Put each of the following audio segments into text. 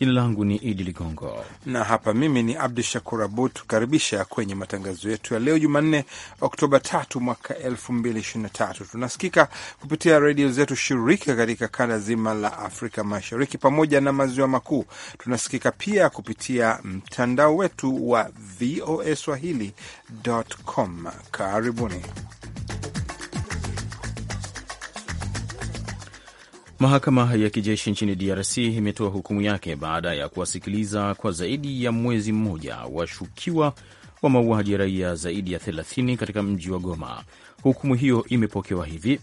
Jina langu ni Idi Ligongo na hapa mimi ni Abdu Shakur Abud, tukaribisha kwenye matangazo yetu ya leo Jumanne, Oktoba 3 mwaka 2023. Tunasikika kupitia redio zetu shirika katika kanda zima la Afrika Mashariki pamoja na maziwa makuu. Tunasikika pia kupitia mtandao wetu wa VOA Swahili.com. Karibuni. Mahakama ya kijeshi nchini DRC imetoa hukumu yake baada ya kuwasikiliza kwa zaidi ya mwezi mmoja washukiwa wa mauaji ya raia zaidi ya 30 katika mji wa Goma. Hukumu hiyo imepokewa hivi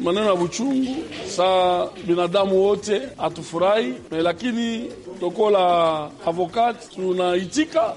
maneno ya buchungu saa binadamu wote hatufurahi, eh, lakini tokola avokat tunaitika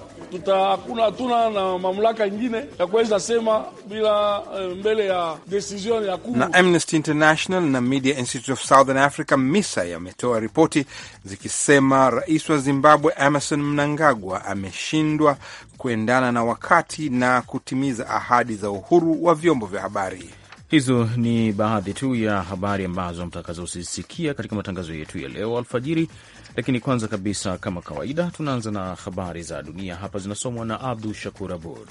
hatuna na mamlaka ingine ya kuweza sema bila eh, mbele ya decision ya kuu. Na Amnesty International na Media Institute of Southern Africa MISA yametoa ripoti zikisema rais wa Zimbabwe Emerson Mnangagwa ameshindwa kuendana na wakati na kutimiza ahadi za uhuru wa vyombo vya habari. Hizo ni baadhi tu ya habari ambazo mtakazozisikia katika matangazo yetu ya leo alfajiri, lakini kwanza kabisa, kama kawaida, tunaanza na habari za dunia. Hapa zinasomwa na Abdu Shakur Abud.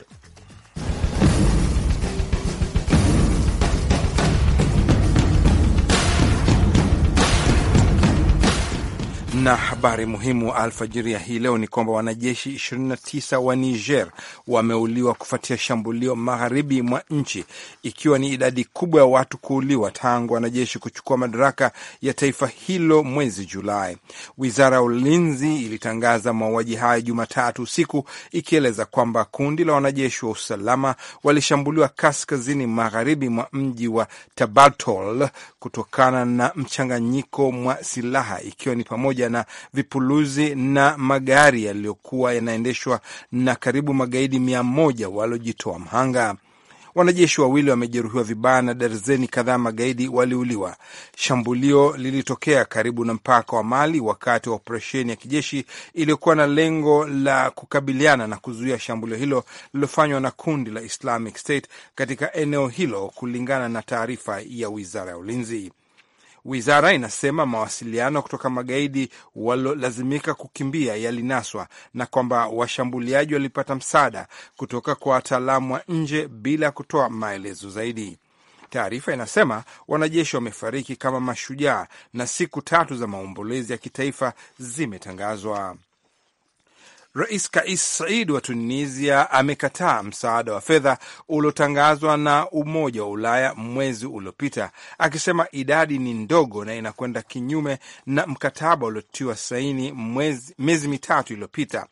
Na habari muhimu alfajiri ya hii leo ni kwamba wanajeshi 29 wa Niger wameuliwa kufuatia shambulio magharibi mwa nchi, ikiwa ni idadi kubwa ya watu kuuliwa tangu wanajeshi kuchukua madaraka ya taifa hilo mwezi Julai. Wizara ya ulinzi ilitangaza mauaji hayo Jumatatu usiku, ikieleza kwamba kundi la wanajeshi wa usalama walishambuliwa kaskazini magharibi mwa mji wa Tabatol kutokana na mchanganyiko mwa silaha, ikiwa ni pamoja pamoja na vipuluzi na magari yaliyokuwa yanaendeshwa na karibu magaidi mia moja waliojitoa mhanga. Wanajeshi wawili wamejeruhiwa vibaya na darzeni kadhaa magaidi waliuliwa. Shambulio lilitokea karibu na mpaka wa Mali wakati wa operesheni ya kijeshi iliyokuwa na lengo la kukabiliana na kuzuia shambulio hilo lililofanywa na kundi la Islamic State katika eneo hilo, kulingana na taarifa ya wizara ya ulinzi. Wizara inasema mawasiliano kutoka magaidi walolazimika kukimbia yalinaswa na kwamba washambuliaji walipata msaada kutoka kwa wataalamu wa nje bila kutoa maelezo zaidi. Taarifa inasema wanajeshi wamefariki kama mashujaa na siku tatu za maombolezi ya kitaifa zimetangazwa. Rais Kais Said wa Tunisia amekataa msaada wa fedha uliotangazwa na Umoja wa Ulaya mwezi uliopita, akisema idadi ni ndogo na inakwenda kinyume na mkataba uliotiwa saini miezi mitatu iliyopita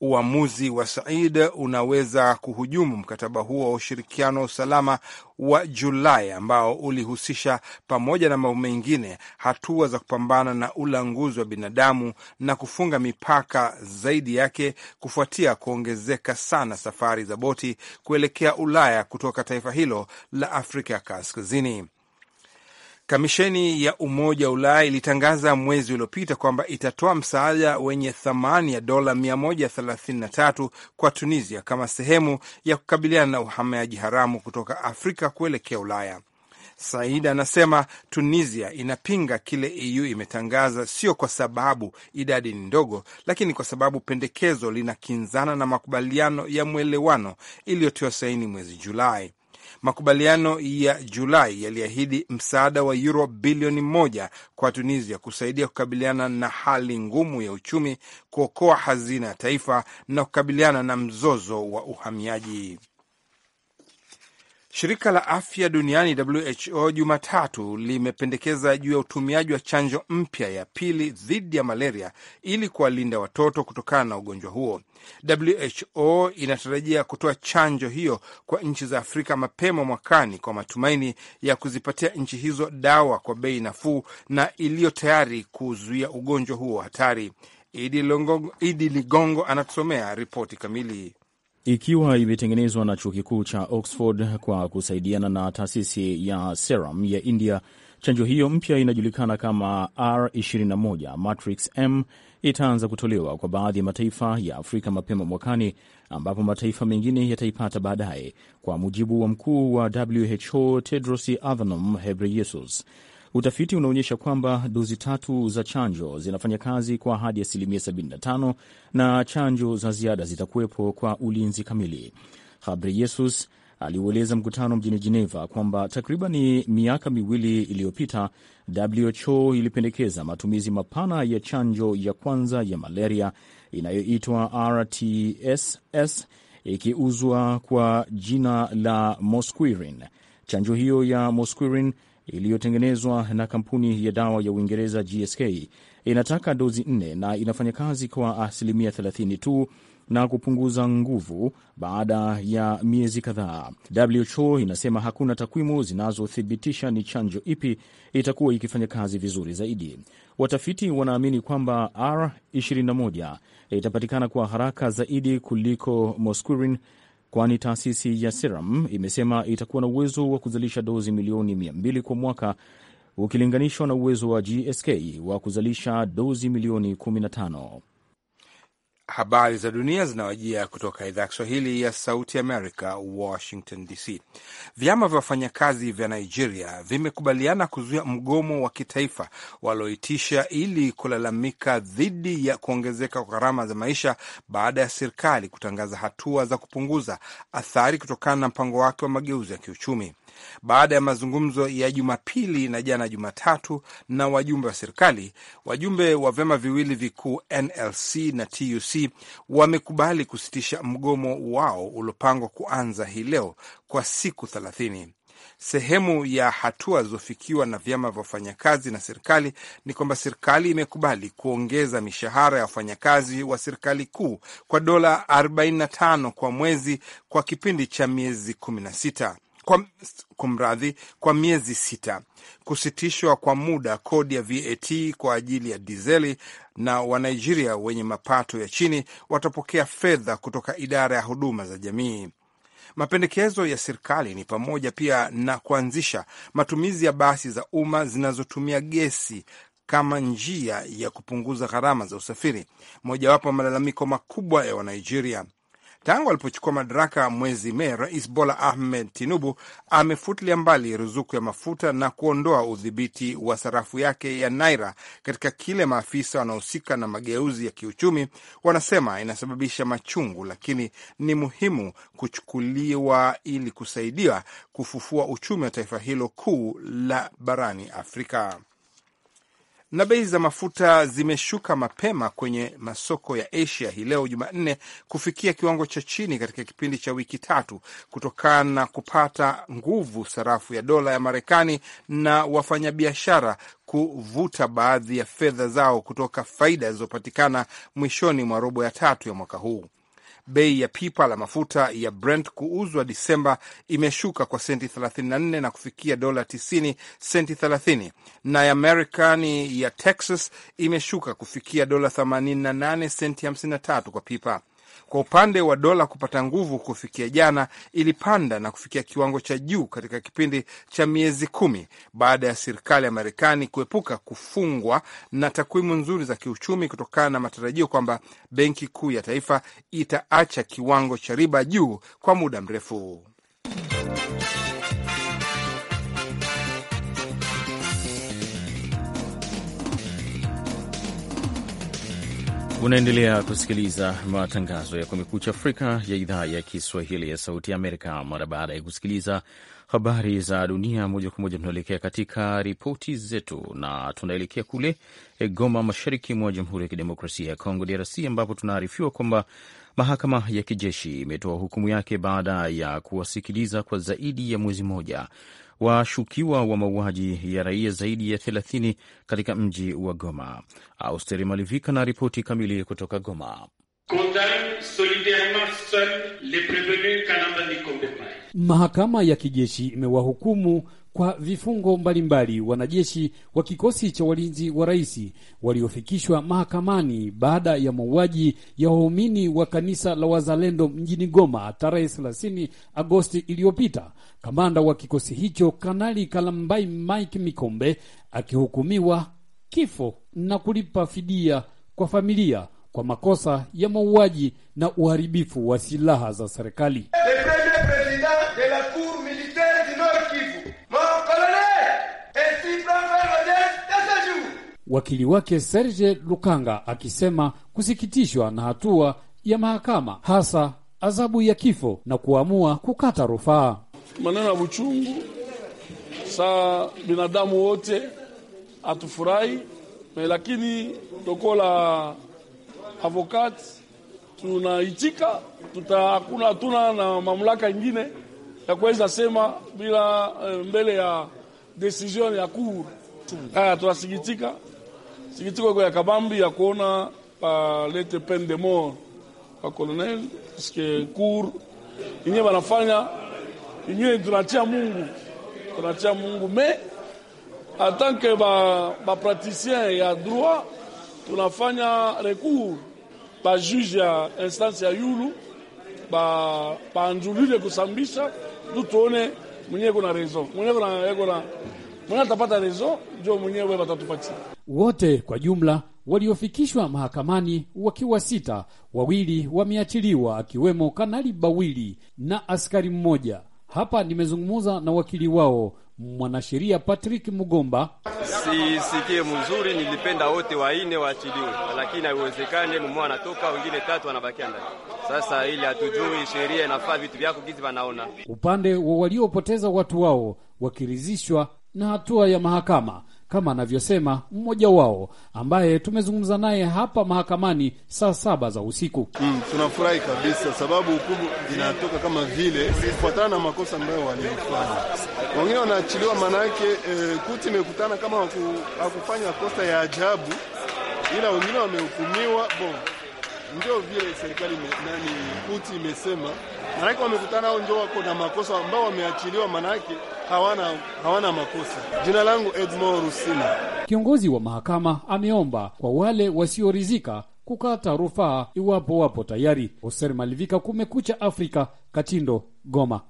uamuzi wa Said unaweza kuhujumu mkataba huo wa ushirikiano wa usalama wa Julai ambao ulihusisha pamoja na mambo mengine hatua za kupambana na ulanguzi wa binadamu na kufunga mipaka zaidi yake kufuatia kuongezeka sana safari za boti kuelekea Ulaya kutoka taifa hilo la Afrika Kaskazini. Kamisheni ya Umoja wa Ulaya ilitangaza mwezi uliopita kwamba itatoa msaada wenye thamani ya dola 133 kwa Tunisia kama sehemu ya kukabiliana na uhamiaji haramu kutoka Afrika kuelekea Ulaya. Said anasema Tunisia inapinga kile EU imetangaza, sio kwa sababu idadi ni ndogo, lakini kwa sababu pendekezo linakinzana na makubaliano ya mwelewano iliyotiwa saini mwezi Julai. Makubaliano ya Julai yaliahidi msaada wa euro bilioni moja kwa Tunisia kusaidia kukabiliana na hali ngumu ya uchumi, kuokoa hazina ya taifa na kukabiliana na mzozo wa uhamiaji. Shirika la afya duniani WHO Jumatatu limependekeza juu ya utumiaji wa chanjo mpya ya pili dhidi ya malaria ili kuwalinda watoto kutokana na ugonjwa huo. WHO inatarajia kutoa chanjo hiyo kwa nchi za Afrika mapema mwakani kwa matumaini ya kuzipatia nchi hizo dawa kwa bei nafuu na iliyo tayari kuzuia ugonjwa huo hatari. Idi Ligongo anatusomea ripoti kamili ikiwa imetengenezwa na chuo kikuu cha Oxford kwa kusaidiana na taasisi ya Serum ya India. Chanjo hiyo mpya inajulikana kama R21 Matrix M itaanza kutolewa kwa baadhi ya mataifa ya Afrika mapema mwakani, ambapo mataifa mengine yataipata baadaye, kwa mujibu wa mkuu wa WHO Tedros Adhanom Ghebreyesus. Utafiti unaonyesha kwamba dozi tatu za chanjo zinafanya kazi kwa hadi asilimia 75 na chanjo za ziada zitakuwepo kwa ulinzi kamili. Yesus aliueleza mkutano mjini Geneva kwamba takribani miaka miwili iliyopita WHO ilipendekeza matumizi mapana ya chanjo ya kwanza ya malaria inayoitwa RTSS ikiuzwa kwa jina la mosquirin Chanjo hiyo ya Mosquirin iliyotengenezwa na kampuni ya dawa ya Uingereza GSK inataka dozi nne na inafanya kazi kwa asilimia 30 tu na kupunguza nguvu baada ya miezi kadhaa. WHO inasema hakuna takwimu zinazothibitisha ni chanjo ipi itakuwa ikifanya kazi vizuri zaidi. Watafiti wanaamini kwamba R21 itapatikana kwa haraka zaidi kuliko Mosquirix kwani taasisi ya Serum imesema itakuwa na uwezo wa kuzalisha dozi milioni 200 kwa mwaka ukilinganishwa na uwezo wa GSK wa kuzalisha dozi milioni 15. Habari za dunia zinawajia kutoka idhaa ya Kiswahili ya Sauti Amerika, Washington DC. Vyama vya wafanyakazi vya Nigeria vimekubaliana kuzuia mgomo wa kitaifa walioitisha ili kulalamika dhidi ya kuongezeka kwa gharama za maisha baada ya serikali kutangaza hatua za kupunguza athari kutokana na mpango wake wa mageuzi ya kiuchumi. Baada ya mazungumzo ya Jumapili na jana Jumatatu na wajumbe wa serikali, wajumbe wa vyama viwili vikuu NLC na TUC wamekubali kusitisha mgomo wao uliopangwa kuanza hii leo kwa siku thelathini. Sehemu ya hatua zilizofikiwa na vyama vya wafanyakazi na serikali ni kwamba serikali imekubali kuongeza mishahara ya wafanyakazi wa serikali kuu kwa dola 45 kwa mwezi kwa kipindi cha miezi 16 kwa, kumradhi kwa miezi sita. Kusitishwa kwa muda kodi ya VAT kwa ajili ya dizeli, na Wanigeria wenye mapato ya chini watapokea fedha kutoka idara ya huduma za jamii. Mapendekezo ya serikali ni pamoja pia na kuanzisha matumizi ya basi za umma zinazotumia gesi kama njia ya kupunguza gharama za usafiri, mojawapo ya malalamiko makubwa ya Wanigeria. Tangu alipochukua madaraka mwezi Mei, Rais Bola Ahmed Tinubu amefutilia mbali ruzuku ya mafuta na kuondoa udhibiti wa sarafu yake ya naira, katika kile maafisa wanaohusika na mageuzi ya kiuchumi wanasema inasababisha machungu, lakini ni muhimu kuchukuliwa ili kusaidia kufufua uchumi wa taifa hilo kuu la barani Afrika. Na bei za mafuta zimeshuka mapema kwenye masoko ya Asia hii leo Jumanne kufikia kiwango cha chini katika kipindi cha wiki tatu kutokana na kupata nguvu sarafu ya dola ya Marekani na wafanyabiashara kuvuta baadhi ya fedha zao kutoka faida zilizopatikana mwishoni mwa robo ya tatu ya mwaka huu bei ya pipa la mafuta ya Brent kuuzwa Disemba imeshuka kwa senti 34 na kufikia dola 90 senti 30, na ya Marekani ya Texas imeshuka kufikia dola 88 senti 53 kwa pipa. Kwa upande wa dola kupata nguvu, kufikia jana ilipanda na kufikia kiwango cha juu katika kipindi cha miezi kumi baada ya serikali ya Marekani kuepuka kufungwa na takwimu nzuri za kiuchumi kutokana na matarajio kwamba Benki Kuu ya Taifa itaacha kiwango cha riba juu kwa muda mrefu. Unaendelea kusikiliza matangazo ya Kumekucha Afrika ya idhaa ya Kiswahili ya Sauti Amerika. Mara baada ya kusikiliza habari za dunia moja kwa moja, tunaelekea katika ripoti zetu na tunaelekea kule Goma, mashariki mwa Jamhuri ya Kidemokrasia ya Kongo, DRC, ambapo tunaarifiwa kwamba mahakama ya kijeshi imetoa hukumu yake baada ya kuwasikiliza kwa zaidi ya mwezi mmoja washukiwa wa mauaji ya raia zaidi ya 30 katika mji wa Goma. Austeri Malivika na ripoti kamili kutoka Goma condamne solidairement seul les prévenus Nikombe Mai. Mahakama ya kijeshi imewahukumu kwa vifungo mbalimbali wanajeshi wa kikosi cha walinzi wa rais waliofikishwa mahakamani baada ya mauaji ya waumini wa kanisa la Wazalendo mjini Goma tarehe 30 Agosti iliyopita. Kamanda wa kikosi hicho Kanali Kalambai Mike Mikombe akihukumiwa kifo na kulipa fidia kwa familia kwa makosa ya mauaji na uharibifu wa silaha za serikali. Wakili wake Serge Lukanga akisema kusikitishwa na hatua ya mahakama, hasa adhabu ya kifo na kuamua kukata rufaa. Maneno ya uchungu saa binadamu wote hatufurahi, lakini tokola avocate tunaitika tutakuna, hatuna na mamlaka ingine ya kuweza sema bila eh, mbele ya decision ya cour. Haya, tunasikitika sikitiko kwa ya kabambi ya kuona palete uh, peine de mort kwa colonel paske cour inye banafanya inye, tunatia Mungu tunatia Mungu me atanke ba, ba praticien ya droit tunafanya recours bajuge ya instance ya yulu banjulile ba kusambisha tutuone mwenyewe kuna rezo mwenyewe atapata rezo njo mwenyewe watatupatia wote kwa jumla waliofikishwa mahakamani wakiwa sita, wawili wameachiliwa akiwemo Kanali Bawili na askari mmoja. Hapa nimezungumza na wakili wao Mwanasheria Patrick Mugomba: sisikie mzuri, nilipenda wote waine waachiliwe, lakini haiwezekane mmoja anatoka wengine tatu wanabakia ndani. Sasa ili hatujui sheria inafaa vitu vyako gizi wanaona upande wa waliopoteza watu wao wakirizishwa na hatua ya mahakama kama anavyosema mmoja wao ambaye tumezungumza naye hapa mahakamani saa saba za usiku. Mm, tunafurahi kabisa sababu hukumu inatoka kama vile kufuatana na makosa ambayo walifanya. Wengine wanaachiliwa maanayake e, eh, kuti imekutana kama hakufanya kosa ya ajabu, ila wengine wamehukumiwa bon ndio vile serikali nani uti imesema, manake wamekutana hao ndio wako na makosa ambao wameachiliwa, manake hawana, hawana makosa. Jina langu Edmond Rusina. Kiongozi wa mahakama ameomba kwa wale wasiorizika kukata rufaa iwapo wapo tayari. Hoser Malivika, Kumekucha Afrika, Katindo, Goma.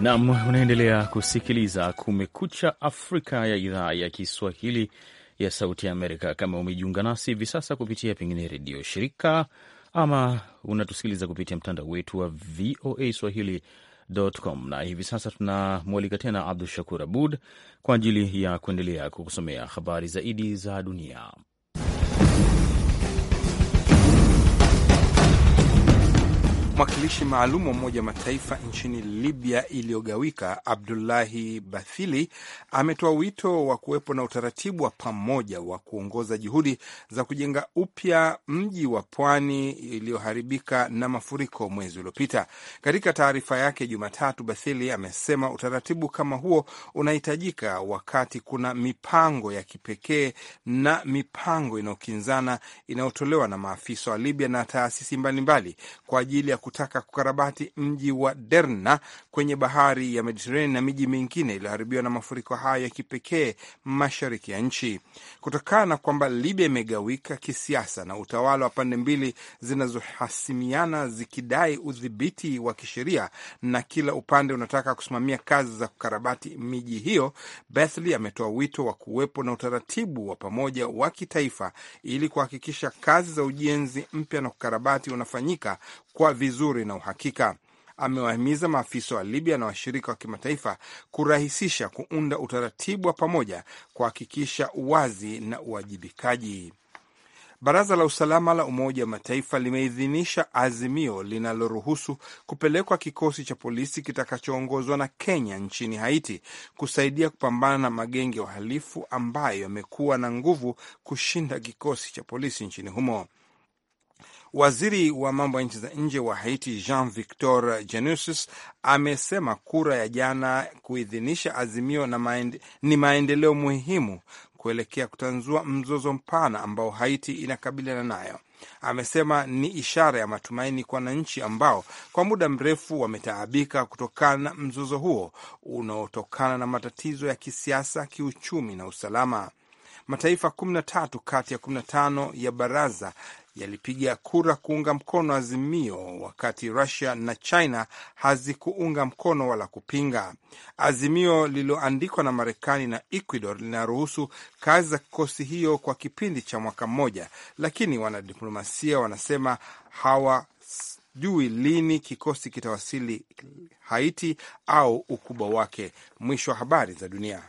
Nam, unaendelea kusikiliza Kumekucha Afrika ya idhaa ya Kiswahili ya Sauti ya Amerika. Kama umejiunga nasi hivi sasa kupitia pengine redio shirika ama unatusikiliza kupitia mtandao wetu wa VOA Swahili.com, na hivi sasa tunamwalika tena Abdu Shakur Abud kwa ajili ya kuendelea kukusomea habari zaidi za dunia. Mwakilishi maalum wa Umoja wa Mataifa nchini Libya iliyogawika Abdullahi Bathili ametoa wito wa kuwepo na utaratibu wa pamoja wa kuongoza juhudi za kujenga upya mji wa pwani iliyoharibika na mafuriko mwezi uliopita. Katika taarifa yake Jumatatu, Bathili amesema utaratibu kama huo unahitajika wakati kuna mipango ya kipekee na mipango inayokinzana inayotolewa na maafisa wa Libya na taasisi mbalimbali kwa ajili ya kutaka kukarabati mji wa Derna kwenye bahari ya Mediterranean na miji mingine iliyoharibiwa na mafuriko hayo ya kipekee mashariki ya nchi, kutokana na kwamba Libya imegawika kisiasa na utawala wa pande mbili zinazohasimiana zikidai udhibiti wa kisheria na kila upande unataka kusimamia kazi za kukarabati miji hiyo. Bethley ametoa wito wa kuwepo na utaratibu wa pamoja wa kitaifa ili kuhakikisha kazi za ujenzi mpya na kukarabati unafanyika kwa vizu vizuri na uhakika. Amewahimiza maafisa wa Libya na washirika wa kimataifa kurahisisha kuunda utaratibu wa pamoja kuhakikisha uwazi na uwajibikaji. Baraza la usalama la Umoja wa Mataifa limeidhinisha azimio linaloruhusu kupelekwa kikosi cha polisi kitakachoongozwa na Kenya nchini Haiti kusaidia kupambana na magenge ya uhalifu ambayo yamekuwa na nguvu kushinda kikosi cha polisi nchini humo. Waziri wa mambo ya nchi za nje wa Haiti Jean Victor Genesis amesema kura ya jana kuidhinisha azimio na maende, ni maendeleo muhimu kuelekea kutanzua mzozo mpana ambao Haiti inakabiliana nayo. Amesema ni ishara ya matumaini kwa wananchi ambao kwa muda mrefu wametaabika kutokana na mzozo huo unaotokana na matatizo ya kisiasa, kiuchumi na usalama. Mataifa tatu kati ya 15 ya Baraza yalipiga kura kuunga mkono azimio, wakati Rusia na China hazikuunga mkono wala kupinga. Azimio lililoandikwa na Marekani na Ecuador linaruhusu kazi za kikosi hiyo kwa kipindi cha mwaka mmoja, lakini wanadiplomasia wanasema hawa jui lini kikosi kitawasili Haiti au ukubwa wake. Mwisho wa habari za dunia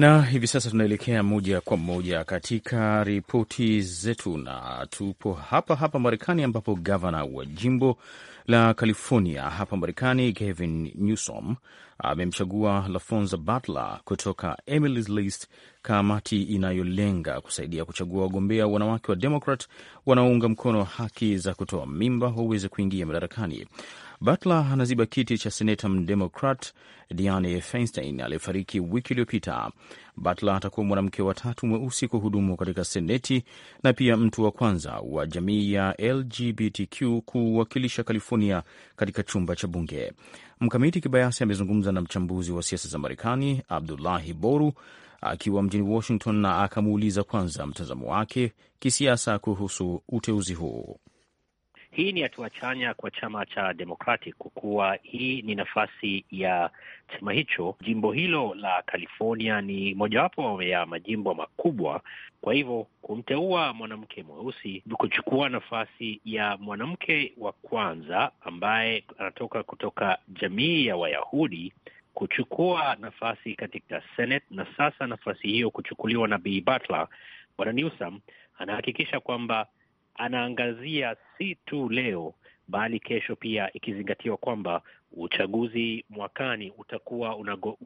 na hivi sasa tunaelekea moja kwa moja katika ripoti zetu, na tupo hapa hapa Marekani, ambapo gavana wa jimbo la California hapa Marekani, Gavin Newsom amemchagua Lafonza Butler kutoka Emily's List kamati inayolenga kusaidia kuchagua wagombea wanawake wa Demokrat wanaounga mkono haki za kutoa mimba waweze kuingia madarakani. Butler anaziba kiti cha seneta mdemokrat Diane Feinstein aliyefariki wiki iliyopita. Butler atakuwa mwanamke wa tatu mweusi kuhudumu katika seneti na pia mtu wa kwanza wa jamii ya LGBTQ kuwakilisha California katika chumba cha bunge. Mkamiti Kibayasi amezungumza na mchambuzi wa siasa za Marekani Abdullahi Boru akiwa mjini Washington na akamuuliza kwanza mtazamo wake kisiasa kuhusu uteuzi huu. Hii ni hatua chanya kwa chama cha Democratic kwa kuwa hii ni nafasi ya chama hicho. Jimbo hilo la California ni mojawapo ya majimbo makubwa, kwa hivyo kumteua mwanamke mweusi kuchukua nafasi ya mwanamke wa kwanza ambaye anatoka kutoka jamii ya Wayahudi kuchukua nafasi katika Senate na sasa nafasi hiyo kuchukuliwa na Bi Butler, Bwana Newsom anahakikisha kwamba anaangazia si tu leo bali kesho pia, ikizingatiwa kwamba uchaguzi mwakani utakuwa unago,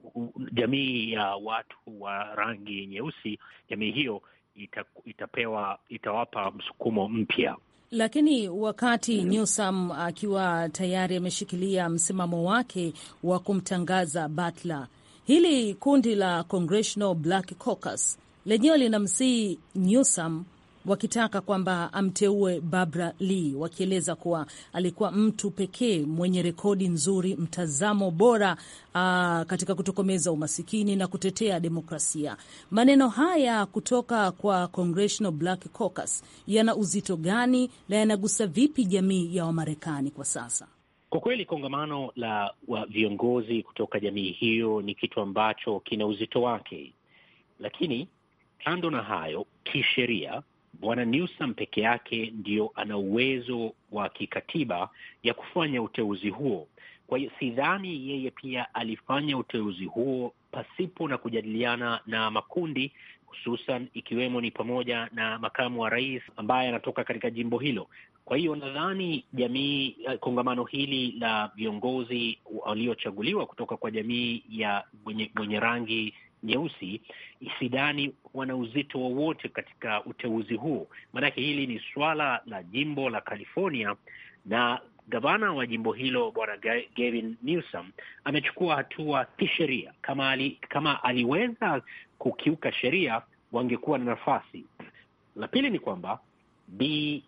jamii ya watu wa rangi nyeusi, jamii hiyo ita, itapewa itawapa msukumo mpya. Lakini wakati Newsom akiwa tayari ameshikilia msimamo wake wa kumtangaza Butler, hili kundi la Congressional Black Caucus lenyewe linamsihi Newsom wakitaka kwamba amteue Barbara Lee, wakieleza kuwa alikuwa mtu pekee mwenye rekodi nzuri, mtazamo bora aa, katika kutokomeza umasikini na kutetea demokrasia. Maneno haya kutoka kwa Congressional Black Caucus yana uzito gani na yanagusa vipi jamii ya Wamarekani kwa sasa? Kwa kweli kongamano la wa viongozi kutoka jamii hiyo ni kitu ambacho kina uzito wake, lakini kando na hayo, kisheria Bwana Newsom peke yake ndio ana uwezo wa kikatiba ya kufanya uteuzi huo. Kwa hiyo sidhani yeye pia alifanya uteuzi huo pasipo na kujadiliana na makundi hususan ikiwemo ni pamoja na makamu wa rais ambaye anatoka katika jimbo hilo. Kwa hiyo nadhani jamii, eh, kongamano hili la viongozi waliochaguliwa kutoka kwa jamii ya mwenye, mwenye rangi nyeusi sidhani wana uzito wowote katika uteuzi huu, maanake hili ni swala la jimbo la California na gavana wa jimbo hilo bwana Gavin Newsom amechukua hatua kisheria. Kama, ali, kama aliweza kukiuka sheria wangekuwa na nafasi. La pili ni kwamba b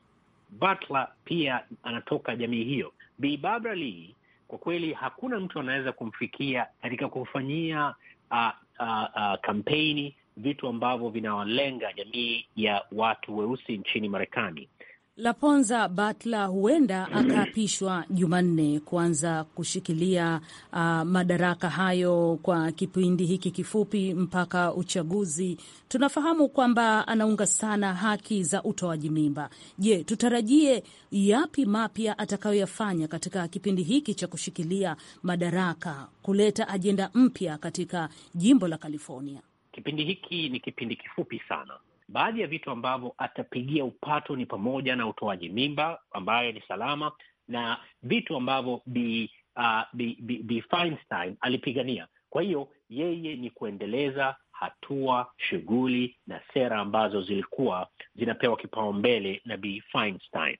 Butler pia anatoka jamii hiyo. b Barbara Lee kwa kweli hakuna mtu anaweza kumfikia katika kufanyia uh, ah, uh, uh, kampeni, vitu ambavyo vinawalenga jamii ya watu weusi nchini Marekani. Laponza Batla huenda akaapishwa Jumanne kuanza kushikilia uh, madaraka hayo kwa kipindi hiki kifupi mpaka uchaguzi. Tunafahamu kwamba anaunga sana haki za utoaji mimba. Je, tutarajie yapi mapya atakayoyafanya katika kipindi hiki cha kushikilia madaraka kuleta ajenda mpya katika jimbo la California? Kipindi hiki ni kipindi kifupi sana baadhi ya vitu ambavyo atapigia upato ni pamoja na utoaji mimba ambayo ni salama na vitu ambavyo Bi, uh, Bi, Bi, Bi Feinstein alipigania. Kwa hiyo yeye ni kuendeleza hatua, shughuli na sera ambazo zilikuwa zinapewa kipaumbele na Bi Feinstein.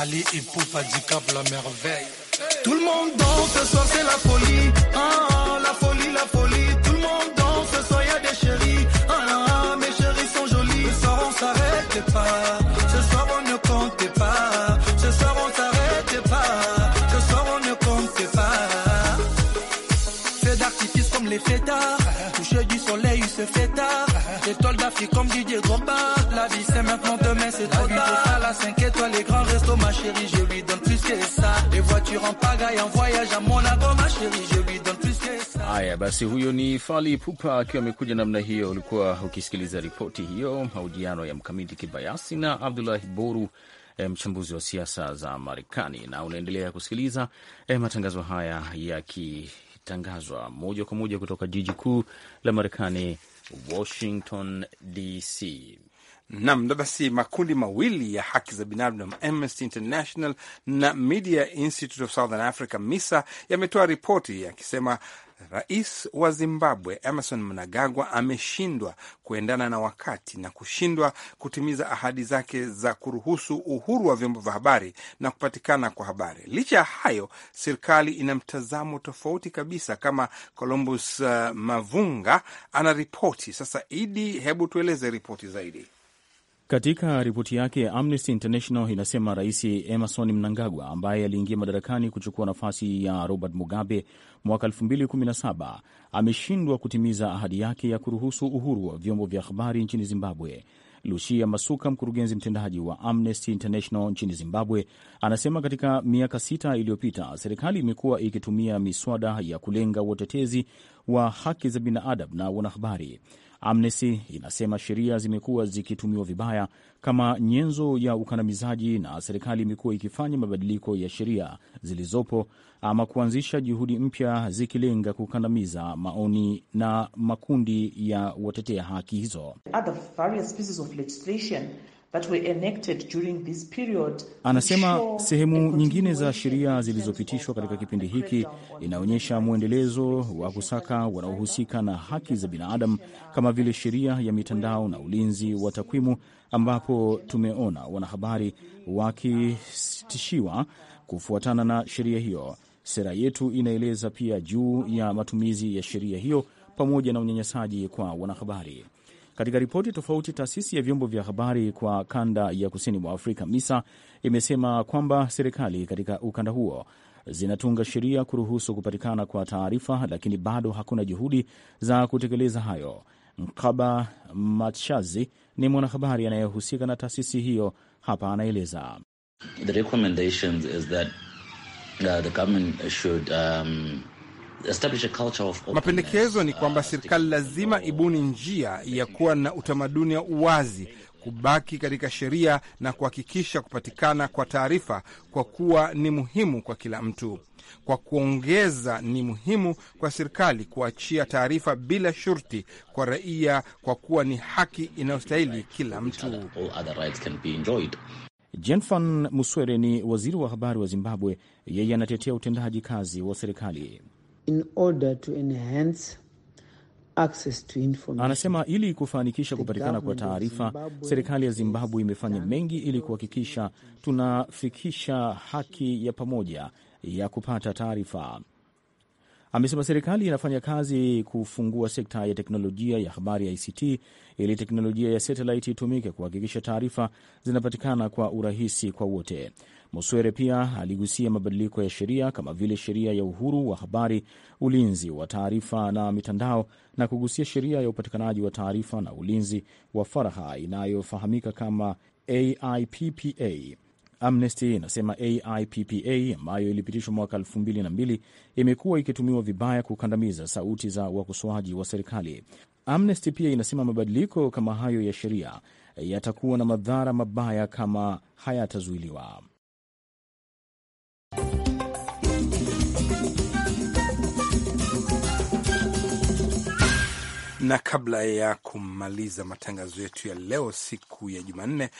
Ali Ipupa Jikap la merveille. Tout le monde danse ce soir c'est la folie. Ah, la folie, la folie. petit comme Didier Drogba. La vie c'est maintenant, demain c'est trop tard. ça, la 5 étoiles, les grands restos, ma chérie, je lui donne plus que ça. Les voitures en pagaille, en voyage à Monaco, ma chérie, je lui donne plus que ça. Haya basi, huyo ni Fali Pupa akiwa amekuja namna hiyo. Ulikuwa ukisikiliza ripoti hiyo, mahojiano ya Mkamiti Kibayasi na Abdullahi Boru eh, mchambuzi wa siasa za Marekani, na unaendelea kusikiliza eh, matangazo haya yakitangazwa moja kwa moja kutoka jiji kuu la Marekani, Washington DC. Nam ndo basi, makundi mawili ya haki za binadamu Amnesty International na Media Institute of Southern Africa, MISA, yametoa ripoti yakisema Rais wa Zimbabwe Emerson Mnangagwa ameshindwa kuendana na wakati na kushindwa kutimiza ahadi zake za kuruhusu uhuru wa vyombo vya habari na kupatikana kwa habari. Licha ya hayo, serikali ina mtazamo tofauti kabisa, kama Columbus uh, Mavunga anaripoti. Sasa Idi, hebu tueleze ripoti zaidi. Katika ripoti yake, Amnesty International inasema Rais Emerson Mnangagwa ambaye aliingia madarakani kuchukua nafasi ya Robert Mugabe mwaka 2017 ameshindwa kutimiza ahadi yake ya kuruhusu uhuru wa vyombo vya habari nchini Zimbabwe. Lucia Masuka, mkurugenzi mtendaji wa Amnesty International nchini Zimbabwe, anasema katika miaka sita iliyopita serikali imekuwa ikitumia miswada ya kulenga watetezi wa haki za binadamu na wanahabari. Amnesty inasema sheria zimekuwa zikitumiwa vibaya kama nyenzo ya ukandamizaji na serikali imekuwa ikifanya mabadiliko ya sheria zilizopo ama kuanzisha juhudi mpya zikilenga kukandamiza maoni na makundi ya watetea haki hizo. Other that were enacted during this period. Anasema sehemu nyingine za sheria zilizopitishwa katika kipindi hiki inaonyesha mwendelezo wa kusaka wanaohusika na haki za binadamu kama vile sheria ya mitandao na ulinzi wa takwimu, ambapo tumeona wanahabari wakitishiwa kufuatana na sheria hiyo. Sera yetu inaeleza pia juu ya matumizi ya sheria hiyo pamoja na unyanyasaji kwa wanahabari. Katika ripoti tofauti, taasisi ya vyombo vya habari kwa kanda ya kusini mwa Afrika MISA imesema kwamba serikali katika ukanda huo zinatunga sheria kuruhusu kupatikana kwa taarifa, lakini bado hakuna juhudi za kutekeleza hayo. Mkaba Matshazi ni mwanahabari anayehusika na taasisi hiyo, hapa anaeleza. The recommendations is that uh, the government should um Mapendekezo ni uh, kwamba serikali lazima ibuni njia ya kuwa na utamaduni wa uwazi, kubaki katika sheria na kuhakikisha kupatikana kwa taarifa, kwa kuwa ni muhimu kwa kila mtu. Kwa kuongeza, ni muhimu kwa serikali kuachia taarifa bila shurti kwa raia, kwa kuwa ni haki inayostahili kila mtu. Jenfan Muswere ni waziri wa habari wa Zimbabwe. Yeye anatetea utendaji kazi wa serikali in order to enhance Anasema ili kufanikisha kupatikana kwa taarifa, serikali ya Zimbabwe imefanya mengi ili kuhakikisha tunafikisha haki ya pamoja ya kupata taarifa. Amesema serikali inafanya kazi kufungua sekta ya teknolojia ya habari ya ICT ili teknolojia ya satelaiti itumike kuhakikisha taarifa zinapatikana kwa urahisi kwa wote. Muswere pia aligusia mabadiliko ya sheria kama vile sheria ya uhuru wa habari, ulinzi wa taarifa na mitandao, na kugusia sheria ya upatikanaji wa taarifa na ulinzi wa faragha inayofahamika kama AIPPA. Amnesty inasema AIPPA ambayo ilipitishwa mwaka 2002 imekuwa ikitumiwa vibaya kukandamiza sauti za wakosoaji wa serikali. Amnesty pia inasema mabadiliko kama hayo ya sheria yatakuwa na madhara mabaya kama hayatazuiliwa. na kabla ya kumaliza matangazo yetu ya leo siku ya Jumanne,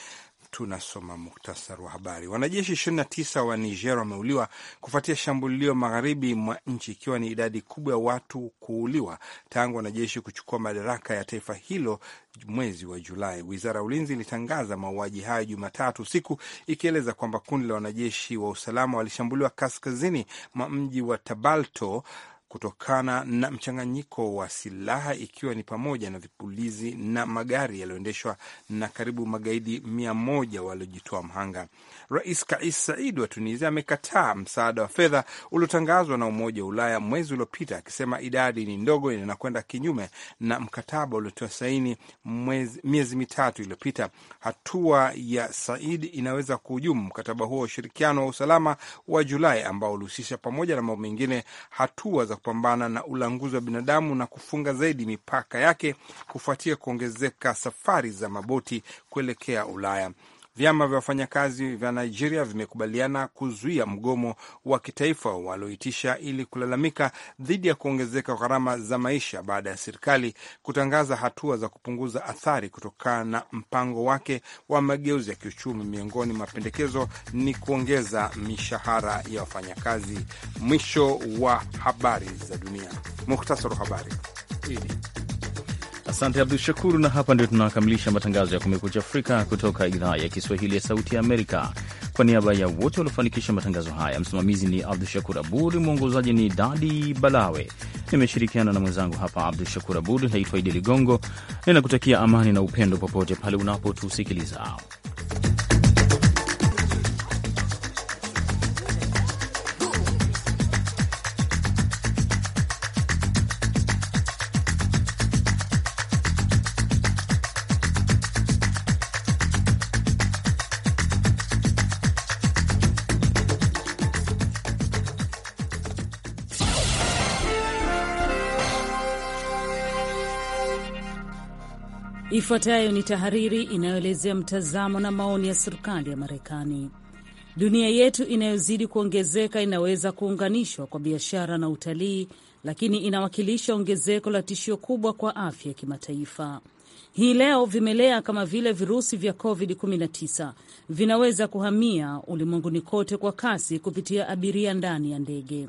tunasoma muktasar wa habari. Wanajeshi 29 wa Niger wameuliwa kufuatia shambulio magharibi mwa nchi, ikiwa ni idadi kubwa ya watu kuuliwa tangu wanajeshi kuchukua madaraka ya taifa hilo mwezi wa Julai. Wizara ya ulinzi ilitangaza mauaji hayo Jumatatu usiku, ikieleza kwamba kundi la wanajeshi wa usalama walishambuliwa kaskazini mwa mji wa Tabalto kutokana na mchanganyiko wa silaha ikiwa ni pamoja na vipulizi na magari yaliyoendeshwa na karibu magaidi mia moja waliojitoa mhanga. Rais Kais Said wa Tunisia amekataa msaada wa fedha uliotangazwa na Umoja wa Ulaya mwezi uliopita, akisema idadi ni ndogo inakwenda kinyume na mkataba uliotoa saini miezi mitatu iliyopita. Hatua ya Said inaweza kuhujumu mkataba huo wa ushirikiano wa usalama wa Julai ambao ulihusisha pamoja na mambo mengine hatua za kupambana na ulanguzi wa binadamu na kufunga zaidi mipaka yake kufuatia kuongezeka safari za maboti kuelekea Ulaya. Vyama vya wafanyakazi vya Nigeria vimekubaliana kuzuia mgomo wa kitaifa walioitisha ili kulalamika dhidi ya kuongezeka gharama za maisha baada ya serikali kutangaza hatua za kupunguza athari kutokana na mpango wake wa mageuzi ya kiuchumi. Miongoni mwa pendekezo ni kuongeza mishahara ya wafanyakazi. Mwisho wa habari za dunia. Muktasari wa habari hili Asante Abdu Shakur, na hapa ndio tunakamilisha matangazo ya Kumekucha Afrika kutoka idhaa ya Kiswahili ya Sauti ya Amerika. Kwa niaba ya wote waliofanikisha matangazo haya, msimamizi ni Abdu Shakur Abud, mwongozaji ni Dadi Balawe. Nimeshirikiana na mwenzangu hapa Abdu Shakur Abud. Naitwa Idi Ligongo, ninakutakia amani na upendo popote pale unapotusikiliza. Ifuatayo ni tahariri inayoelezea mtazamo na maoni ya serikali ya Marekani. Dunia yetu inayozidi kuongezeka inaweza kuunganishwa kwa biashara na utalii, lakini inawakilisha ongezeko la tishio kubwa kwa afya ya kimataifa. Hii leo vimelea kama vile virusi vya COVID-19 vinaweza kuhamia ulimwenguni kote kwa kasi kupitia abiria ndani ya ndege.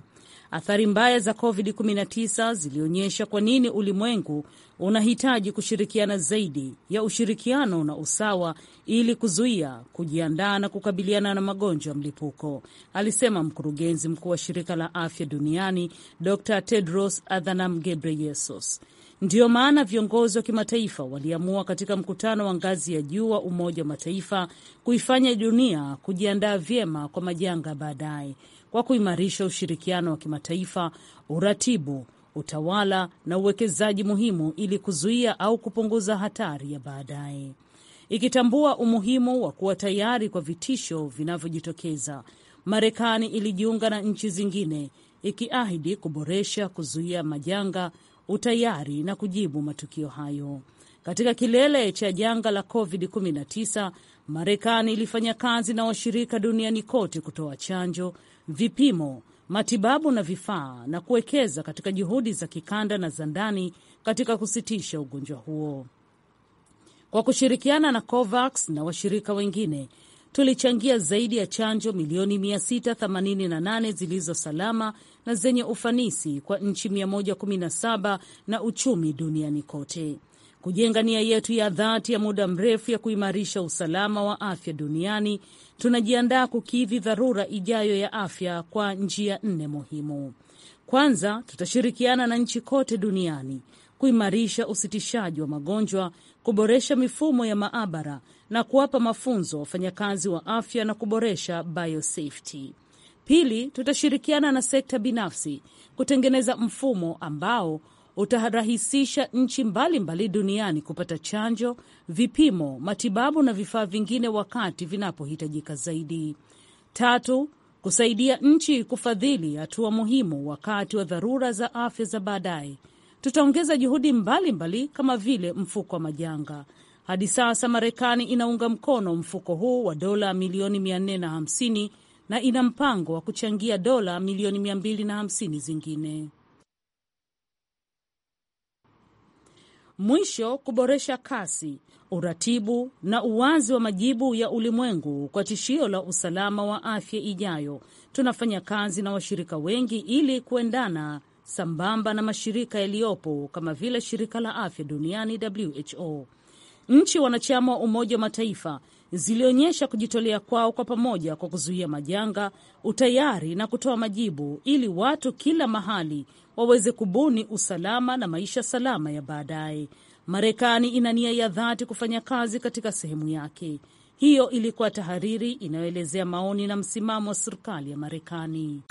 Athari mbaya za COVID-19 zilionyesha kwa nini ulimwengu unahitaji kushirikiana zaidi ya ushirikiano na usawa ili kuzuia, kujiandaa na kukabiliana na magonjwa ya mlipuko, alisema mkurugenzi mkuu wa shirika la afya duniani Dr Tedros Adhanom Ghebreyesus. Ndiyo maana viongozi wa kimataifa waliamua katika mkutano wa ngazi ya juu wa Umoja wa Mataifa kuifanya dunia kujiandaa vyema kwa majanga baadaye kwa kuimarisha ushirikiano wa kimataifa, uratibu, utawala na uwekezaji muhimu ili kuzuia au kupunguza hatari ya baadaye, ikitambua umuhimu wa kuwa tayari kwa vitisho vinavyojitokeza. Marekani ilijiunga na nchi zingine ikiahidi kuboresha kuzuia majanga, utayari na kujibu matukio hayo. Katika kilele cha janga la COVID-19, Marekani ilifanya kazi na washirika duniani kote kutoa chanjo, vipimo, matibabu na vifaa na kuwekeza katika juhudi za kikanda na za ndani katika kusitisha ugonjwa huo. Kwa kushirikiana na COVAX na washirika wengine tulichangia zaidi ya chanjo milioni 688 zilizo salama na zenye ufanisi kwa nchi 117 na uchumi duniani kote kujenga nia yetu ya dhati ya muda mrefu ya kuimarisha usalama wa afya duniani, tunajiandaa kukidhi dharura ijayo ya afya kwa njia nne muhimu. Kwanza, tutashirikiana na nchi kote duniani kuimarisha usitishaji wa magonjwa, kuboresha mifumo ya maabara na kuwapa mafunzo wafanyakazi wa afya na kuboresha biosafety. Pili, tutashirikiana na sekta binafsi kutengeneza mfumo ambao utarahisisha nchi mbalimbali duniani kupata chanjo, vipimo, matibabu na vifaa vingine wakati vinapohitajika zaidi. Tatu, kusaidia nchi kufadhili hatua muhimu wakati wa dharura za afya za baadaye. Tutaongeza juhudi mbalimbali mbali kama vile mfuko wa majanga. Hadi sasa Marekani inaunga mkono mfuko huu wa dola milioni 450 na ina mpango wa kuchangia dola milioni 250 zingine. Mwisho, kuboresha kasi, uratibu na uwazi wa majibu ya ulimwengu kwa tishio la usalama wa afya ijayo. Tunafanya kazi na washirika wengi ili kuendana sambamba na mashirika yaliyopo kama vile shirika la afya duniani WHO. Nchi wanachama wa Umoja wa Mataifa zilionyesha kujitolea kwao kwa pamoja kwa kuzuia majanga, utayari na kutoa majibu ili watu kila mahali waweze kubuni usalama na maisha salama ya baadaye. Marekani ina nia ya dhati kufanya kazi katika sehemu yake. Hiyo ilikuwa tahariri inayoelezea maoni na msimamo wa serikali ya Marekani.